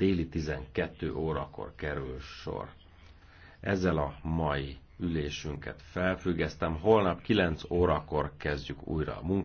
déli 12 órakor kerül sor. Ezzel a mai ülésünket felfüggesztem, holnap 9 órakor kezdjük újra a munkát.